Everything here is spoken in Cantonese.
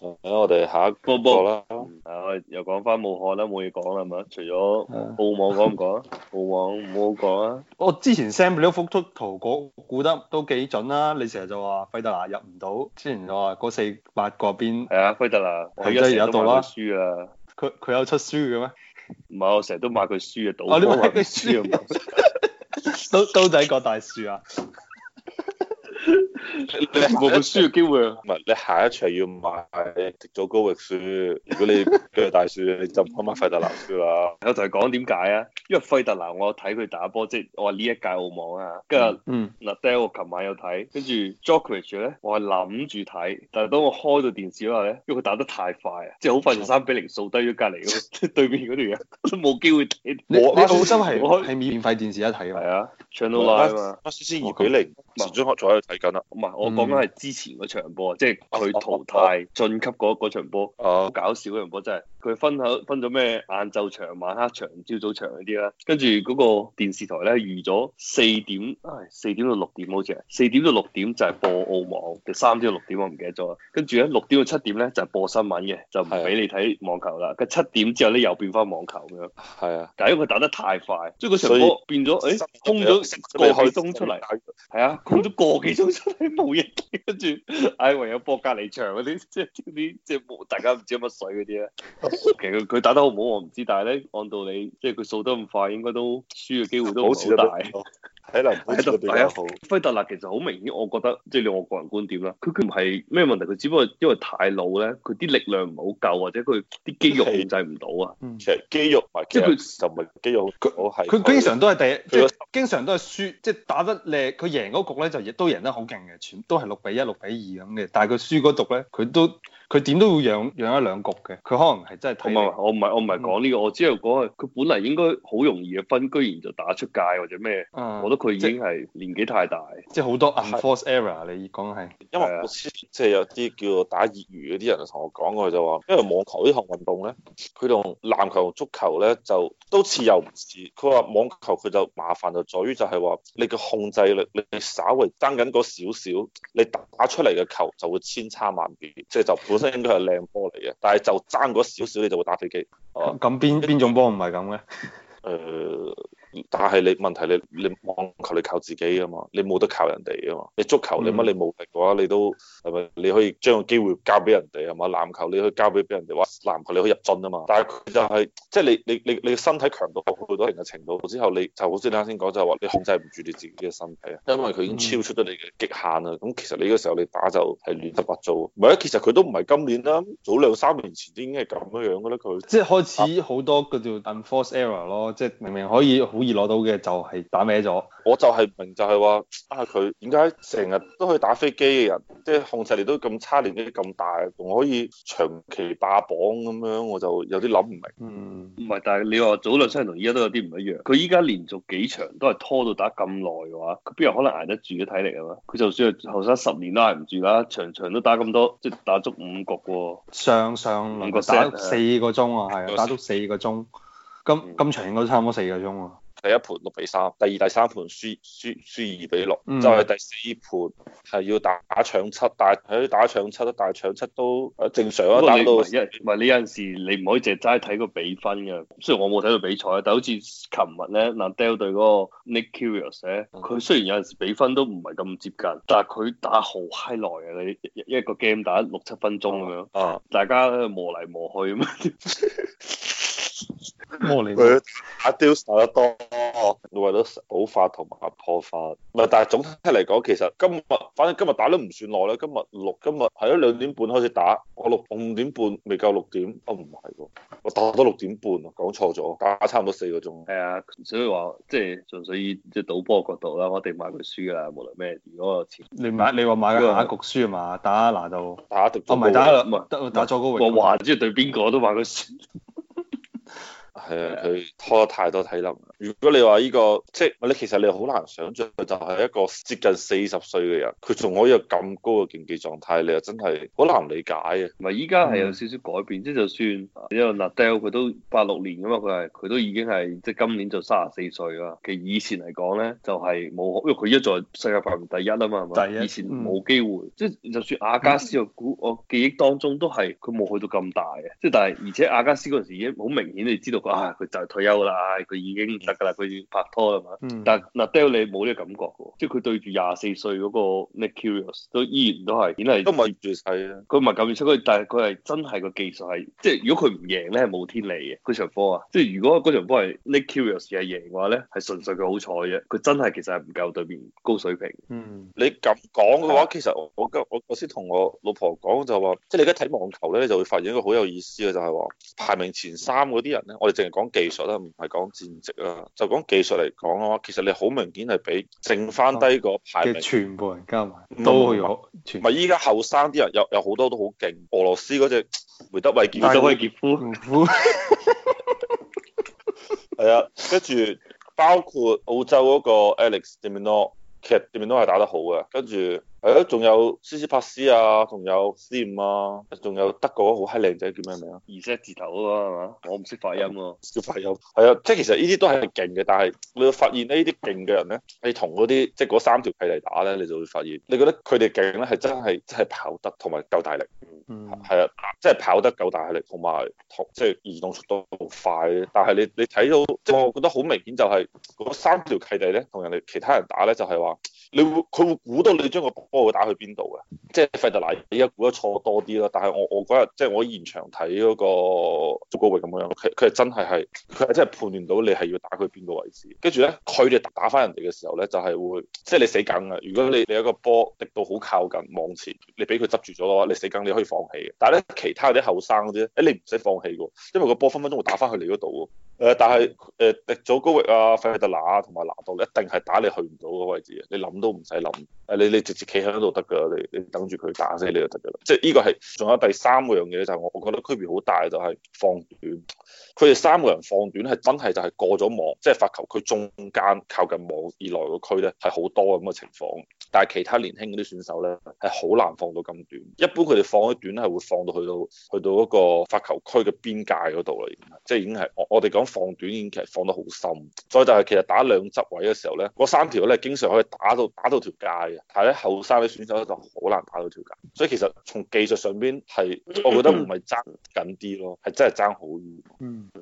咁我哋下一波啦，啊又講翻武漢啦，冇嘢講啦係咪？除咗澳網，講唔講澳網唔好講啊！我之前 send 俾你一幅圖，估估得都幾準啦、啊。你成日就話費特拿入唔到，之前就話嗰四八個邊係啊，費特拿佢而家都有讀啦，書啊！佢佢、啊、有出書嘅咩？唔係我成日都買佢書 啊，賭佢買書 都仔大啊，都刀仔割大樹啊！ 你冇輸嘅機會、啊。唔係，你下一場要買。迪祖高域輸。如果你鋸大樹，你就開埋費特拿啊！ 我就係講點解啊？因為費特拿，就是、我睇佢打波即係我話呢一屆澳網啊。跟住，嗯，那戴爾我琴晚有睇，跟住 Joachim、ok、咧，我係諗住睇，但係當我開到電視嗰下咧，因為佢打得太快啊，即係好快就三比零掃低咗隔離嗰對面嗰啲嘢，都冇機會睇。我澳洲係係免費電視一睇㗎、啊啊，啊唱到 a n n e l Nine 啊嘛。我俾你，唔係咁啦，唔係、啊嗯，我講緊係之前嗰場波，即係佢淘汰晉級嗰嗰場波，好、啊、搞笑嗰場波真係。佢分享分咗咩晏晝場、晚黑場、朝早場嗰啲啦。跟住嗰個電視台咧，預咗四點，唉，四點到六點好似係，四點到六點就係播澳網，定三點到六點我唔記得咗啦。跟住咧六點到七點咧就係播新聞嘅，就唔俾你睇網球啦。跟七點之後咧又變翻網球咁樣。係啊，但係因為佢打得太快，所以個場波變咗，唉、欸，空咗過幾鐘出嚟。係啊，空咗個幾。冇嘢嘅，跟住，唉，唯有博隔離場嗰啲，即係啲即係大家唔知乜水嗰啲咧。其實佢打得好唔好我唔知，但係咧按道理，即係佢數得咁快，應該都輸嘅機會都好大。喺南區嘅第一號費特拿其實好明顯，我覺得即係我個人觀點啦，佢佢唔係咩問題，佢只不過因為太老咧，佢啲力量唔係好夠，或者佢啲肌肉控制唔到啊。其實肌肉同即係就唔肌肉，佢我係佢經常都係第，一，係經常都係輸，即係打得叻。佢贏嗰局咧就亦都贏得。好勁嘅，全都係六比一、六比二咁嘅。但係佢輸嗰局咧，佢都佢點都會贏贏一兩局嘅。佢可能係真係睇。唔係，我唔係我唔係講呢個，我只係講佢本嚟應該好容易嘅分，居然就打出界或者咩。啊！我覺得佢已經係年紀太大。即係好多 unforced error，你講係。因為即係有啲叫做打業餘嗰啲人同我講過，就話因為網球呢項運動咧，佢同籃球足球咧就都似又唔似。佢話網球佢就麻煩就在於就係話你嘅控制力，你稍為爭緊少少、呃，你打出嚟嘅球就會千差萬別，即係就本身應該係靚波嚟嘅，但係就爭嗰少少，你就會打飛機哦，咁邊邊種波唔係咁嘅？誒，但係你問題，你你望。求你靠自己啊嘛，你冇得靠人哋啊嘛。你足球你乜你冇力嘅話，你都係咪、嗯、你可以將個機會交俾人哋啊嘛？籃球你可以交俾俾人哋話籃球你可以入樽啊嘛。但係佢就係、是、即係你你你你身體強度好多人嘅程度之後，你就好似啱先講就係、是、話你控制唔住你自己嘅身體啊，因為佢已經超出咗你嘅極限喇。咁、嗯、其實你依個時候你打就係亂七八糟。唔係啊，其實佢都唔係今年啦，早兩三年前啲已經係咁樣樣嘅喇。佢即係開始好打多嗰叫 unforced error 咯，即係明,明明可以好易攞到嘅就係打歪咗就係明就，就係話啊！佢點解成日都可以打飛機嘅人，即係控制力都咁差，年紀咁大，仲可以長期霸榜咁樣，我就有啲諗唔明。嗯。唔係，但係你話早兩三年同依家都有啲唔一樣。佢依家連續幾場都係拖到打咁耐嘅話，佢邊有可能捱得住嘅體力啊？佢就算係後生十年都捱唔住啦，場場都打咁多，即係打足五局喎。上上輪打，打四個鐘啊，係啊，打足四個鐘，咁咁、嗯、長應該差唔多四個鐘啊。第一盤六比三，第二、第三盤輸輸輸二比六、嗯，就係第四盤係要打搶七，但係喺打搶七都打搶七都誒正常啊，你打到唔係你有陣時你唔可以淨係齋睇個比分嘅，雖然我冇睇到比賽，但好似琴日咧，Nadal 對嗰個 Nick Kyrgios 咧，佢雖然有陣時比分都唔係咁接近，但係佢打好嗨耐啊，你一個 game 打六七分鐘咁樣，啊啊、大家磨嚟磨去咁。 為 佢了 打掉手得多，為咗補發同埋破發，唔係但係總體嚟講，其實今日反正今日打得唔算耐啦。今日六，今日係咯兩點半開始打，我六五點半未夠六點，啊唔係喎，我打到六點半，講錯咗，打差唔多四個鐘。係啊，所以話即係，純粹以即係賭波角度啦，我哋買佢輸啊，無論咩，如果前你買，你話買佢下局輸啊嘛？打嗱就打，哦唔係打啦，唔係得，打左高我話即係對邊個都買佢輸。 係啊，佢拖得太多體能。如果你話呢、呢個即係，你其實你好難想象，就係一個接近四十歲嘅人，佢仲可以有咁高嘅競技狀態，你又真係好難理解嘅。唔係依家係有少少改變，嗯、即係就算因為 Nadal 佢都八六年㗎嘛，佢係佢都已經係即係今年就三十四歲啦。其實以前嚟講咧，就係、是、冇，因為佢一在世界排名第一啊嘛，係嘛一？以前冇機會，嗯、即係就算阿加斯，我估、嗯、我記憶當中都係佢冇去到咁大嘅。即係但係而且阿加斯嗰陣時已經好明顯，你知道。哇！佢就退休啦，佢已經唔得噶啦，佢拍拖啦嘛。但娜黛爾你冇呢個感覺嘅，即係佢對住廿四歲嗰個 Nick Kyrgios 都依然都係，然係都咪越住細啊。佢唔係咁出色，但係佢係真係個技術係，即係如果佢唔贏咧係冇天理嘅。嗰場波啊，即係如果嗰場波係 Cur 呢 Kyrgios 係贏嘅話咧，係純粹佢好彩嘅。佢真係其實係唔夠對面高水平。嗯，你咁講嘅話，其實我我我先同我老婆講，就話，即係你而家睇網球咧，就會發現一個好有意思嘅就係話排名前三嗰啲人咧，我哋。淨係講技術啦，唔係講戰績啦。就講技術嚟講嘅話，其實你好明顯係比剩翻低個排名、啊、全部人加埋都冇。唔係依家後生啲人有有好多都好勁，俄羅斯嗰隻梅德韋傑夫、梅德韋傑夫，係、嗯、 啊。跟住包括澳洲嗰個 Alex De Minaur，其實 De Minaur 係打得好嘅。跟住。係仲有斯斯帕斯啊，仲有 s i 啊，仲有德國好閪靚仔叫咩名啊？二 set 字頭啊係嘛？我唔識發音喎。叫發音？係啊，即係、嗯、其實呢啲都係勁嘅，但係你會發現呢啲勁嘅人咧，你同嗰啲即係嗰三條契弟打咧，你就會發現，你覺得佢哋勁咧係真係真係跑得同埋夠大力。嗯。係啊，即係跑得夠大力，同埋同即係移動速度好快。但係你你睇到即係、就是、我覺得好明顯就係嗰三條契弟咧，同人哋其他人打咧就係、是、話，你會佢會估到你將個。波會打去邊度嘅？即係費特拿依家估得錯多啲咯。但係我我嗰日即係我現場睇嗰個祖高域咁樣，佢佢係真係係佢係真係判斷到你係要打佢邊個位置。跟住咧，佢哋打翻人哋嘅時候咧，就係、是、會即係、就是、你死梗嘅。如果你你有一個波滴到好靠近網前，你俾佢執住咗嘅話，你死梗你可以放棄嘅。但係咧，其他啲後生嗰啲咧，誒你唔使放棄嘅，因為個波分分鐘會打翻去你嗰度喎。誒、呃，但係誒、呃，祖高域啊、費特拿、啊、同埋拿度一定係打你去唔到嗰個位置嘅，你諗都唔使諗。誒，你你，你直接喺喺度得噶，你你等住佢打死你就得噶啦。即係呢個係仲有第三樣嘢，就係我我覺得區別好大，就係放短。佢哋三個人放短係真係就係過咗網，即係發球區中間靠近網以內個區咧，係好多咁嘅情況。但係其他年輕嗰啲選手咧，係好難放到咁短。一般佢哋放啲短咧，係會放到去到去到嗰個發球區嘅邊界嗰度喇，即係已經係我我哋講放短已經其實放得好深。所以就係其實打兩執位嘅時候咧，嗰三條咧經常可以打到打到條街嘅。但係咧後。三女選手就好難打到條格，所以其實從技術上邊係，我覺得唔係爭緊啲咯，係真係爭好遠。嗯嗯。